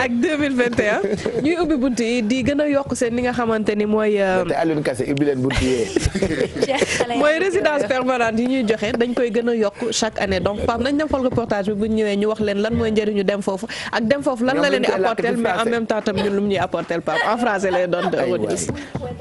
ak 2021 ñuy ubbi bunt yi di gën a yokk seen ni nga xamante ni mooy. Euh, te Alioune Kassé ubbi leen bunt yi mooy résidence permanente yi ñuy joxe dañ koy gën a yokk chaque année donc Pape nañ dem xool reportage bi bu ñu ñëwee ñu wax leen lan mooy njëriñu dem foofu ak dem foofu lan la leen di apporter mais en même temps tam ñun lu ñuy apporter Pape en français lay doon de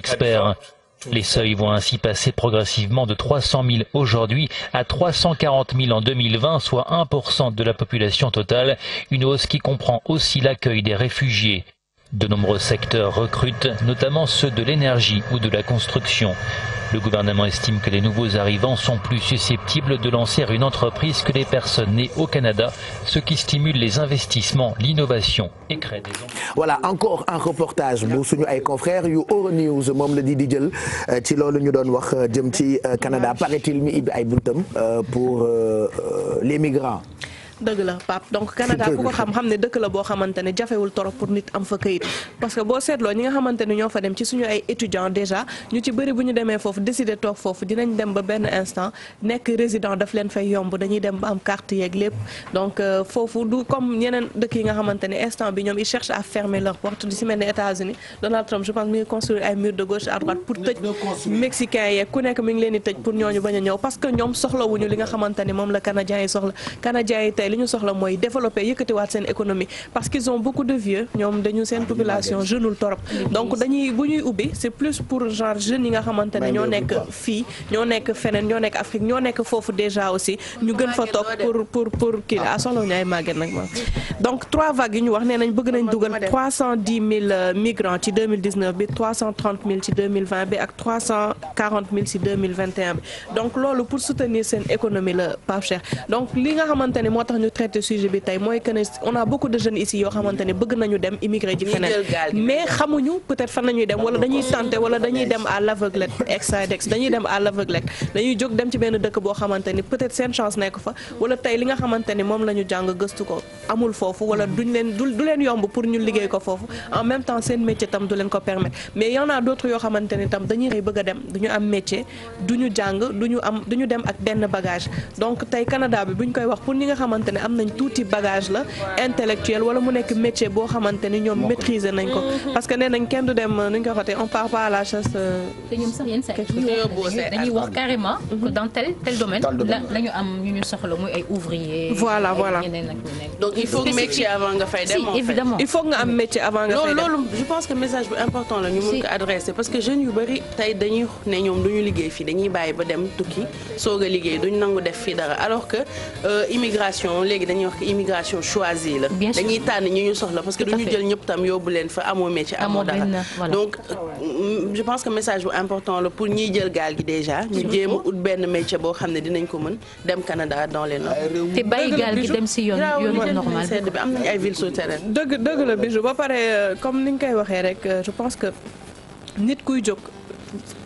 experts. Les seuils vont ainsi passer progressivement de 300 000 aujourd'hui à en soit de la population totale, une hausse qui comprend aussi l'accueil des réfugiés. De nombreux secteurs recrutent, notamment ceux de l'énergie ou de la construction. Le gouvernement estime que les nouveaux arrivants sont plus susceptibles de lancer une entreprise que les personnes nées au Canada, ce qui stimule les investissements, l'innovation et crée voilà encore un reportage bu suñu ay confrères yu Euronews moom la di di jël euh, ci loolu ñu doon wax euh, jëm ci euh, Canada paraît-il mi ibbi ay buntam pour les migrants dëgg la Pape donc Canada ku ko xam xam ne dëkk la boo xamante jafewul torop pour nit am fa kayit parce que boo seetloo ñi nga xamante ñoo fa dem ci suñu ay étudiants déjà ñu ci bëri bu ñu demee foofu décider toog foofu dinañ dem ba benn instant nekk résident daf leen fay yomb dañuy dem am carte yeeg lépp donc euh, foofu du comme ñeneen dëkk yi nga xamante ne instant bi ñoom ils cherchent à fermer leur porte du si mel ne États-Unis Donald Trump je pense a ñëw parce que ñoom soxlawuñu li nga xamante li ñu soxla mooy développer yëkkatiwaat seen économie parce qu'ils ont beaucoup de vieux ñoom dañu seen ah, population jeunul torop donc dañuy bu ñuy ubbi c'est plus pour genre jeunes yi nga xamante ne ñoo nekk fii ñoo nekk feneen ñoo nekk Afrique ñoo nekk foofu déjà aussi ñu gën fa toog pour pour pour kii ah soxla ñu ay màgget nag ma donc trois vagues yi ñu wax nee nañ bëgg nañ dugal trois cent dix mille euh, migrants ci deux mille dix neuf bi trois cent trente mille ci deux mille vingt bi ak trois ci bi donc loolu pour soutenir seen économie la Pape Cheikh ñu traité sujet bi tey mooy que ne on a beaucoup de jeunes ici yoo xamante ne bëgg nañu dem immigré ji feneen mais xamuñu peut-être fan nañuy dem wala dañuy tenté wala dañuy dem à l'aveuglette exadex dañuy dem à l'aveuglette dañuy jóg dem ci benn dëkk boo xamante ni peut-être seen chance nekk fa wala tey li nga xamante moom la ñu jàng gëstu ko amul foofu wala du leen yomb pour ñu liggéey ko foofu en même temps seen métier tam du leen ko permettre mais am métier duñu dem ak benn bagage xamante ne am nañ tuuti bagage la intellectuel wala mu nekk métier boo xamante ni ñoom maîtriser nañ ko mm-hmm. parce que nee kenn du dem nuñ ko waxatee euh, te ñoom sax la ñu am évidemment il faut nga am métier avant nga fay dem. loolu je pense parce que jeunes yu bari tey dañuy ne ñoom duñu liggéey fii dañuy bàyyi ba dem tukki soog a liggéey duñu nangu def fii dara alors que euh, immigration. immigration léegi dañuy wax immigration choisie la. dañuy tànn ñu ñu soxla parce que du ñu jël ñëpp tam yóbbu leen fa amoo métier amoo dara donc euh, je pense que message bu important la pour ñiy jël gaal gi déjà. ñu jéem a ut benn métier boo xam ne dinañ ko mën dem Canada dans leen Nord. te bàyyi gaal gi dem si yoon yoonu normal bi am nañu ay villes souterraines. dëgg dëgg la Bijou ba pare euh, comme ni ñu koy waxee rek euh, je pense que nit kuy jóg.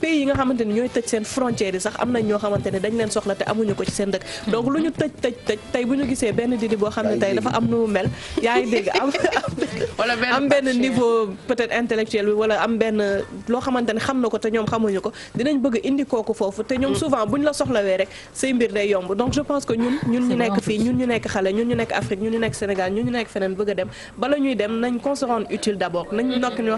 pays yi nga xamante ni ñooy tëj seen frontières yi sax am nañ ñoo xamante ne dañ leen soxla te amuñu ko ci seen dëkk hmm. donc lu ñu tëj tëj tëj tey bu ñu gisee benn Didi boo xam ne tey dafa am nu mu mel yaa ngi dégg am am benn niveau peut-être intellectuel bi wala am benn loo xamante ne xam na ko te ñoom xamuñu ko dinañ bëgg indi kooku foofu te ñoom hmm. souvent buñ la soxlawee rek say mbir day yomb ñun ñu nekk fii ñun ñu nekk xale nekk Afrique ñu nekk Sénégal ñun ñu nekk feneen bëgg nañ qu'on se rende utile d'abord nañ hmm. nokk ñoo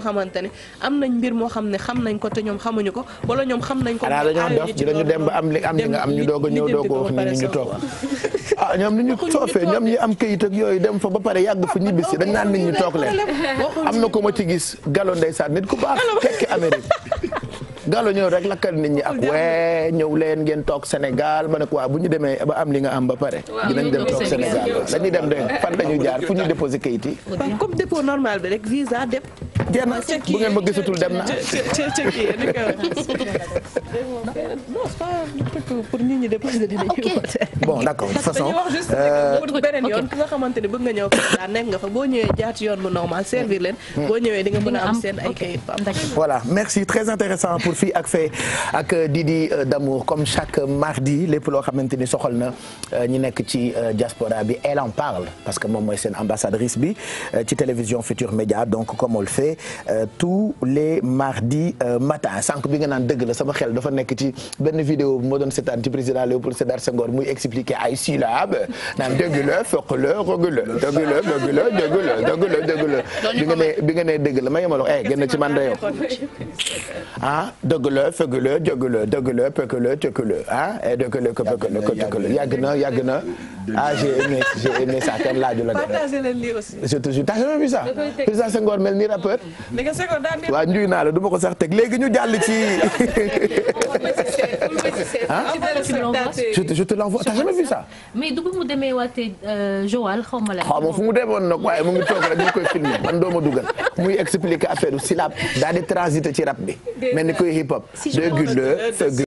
am nañ mbir moo xam ne xam nañ ko te ñoom xam xamuñu ko wala ñoom xam nañ ko. xanaa dañoo dof dinañu dem ba am li am li nga am ñu doog a ñëw doog a ñu ñu toog ah ñoom ni ñu soofee ñoom ñi am kayit ak yooyu dem fa ba pare yàgg fa ñibbisi dañ naan nit ñi toog leen am na ko ma ci gis galo ndeysaan nit ku baax tekki Amérique Gallo ñëw rek lakkal nit ñi ak wee ñëw leen ngeen toog Sénégal ma ne ko waa bu ñu demee ba am li nga am ba pare dinañ dem toog Sénégal dañuy dem de fan la ñuy jaar fu ñu déposé kayit yi comme dépôt normal bi rek visa dem jenn bu ngeen ma gisatul dem na pour nit ñi déposé dinañu woote bon d'accord de toute façon euh, beneen yoon ki nga xamante ne bëgg nga ñëw daa nekk nga fa boo ñëwee jaat yoon bu normal servir leen hmm. boo ñëwee di nga mën a am seen ay kayit voilà merci très intéressant fii ak fee euh, ak Didi euh, d'amour comme chaque mardi lépp loo xamante ni soxal na euh, ñi nekk ci diaspora bi elle en parle parce que moom mooy seen ambassadrice bi ci télévision Futur Média donc comme on le fait tous les mardis matin sànq bi nga naan dëgg la sama xel dafa nekk ci benn vidéo bu ma doon seetaan ci président Léopold Sédar Senghor muy expliquer ay syllabes naan dëgg la fokk la rëgg la dëgg la dëgg la bi nga nee bi nga nee la ma yemaloo eh gën na ci man de dëgg la fëgg la dëgg la dëgg la pëkk la tëkk ah eh, dëgg la ko na yàgg na ah j'ai aimé j'ai aimé ça kenn laaju la partagé leen lii aussi je te jure t'as jamais vu mel ni rappeur waaw njuy du ma ko sax teg léegi ñu jàll ci Ah, je te je te l'envoie t'as jamais vu ça. mais du mu demee waatee euh, Joal xaw ma ah, fu mu demoon nag waaye mu ngi toog rek ñu koy filmé man doo dugal muy expliquer affaire bi silab daal di transiter ci rap bi. mel ni koy hip hop. si je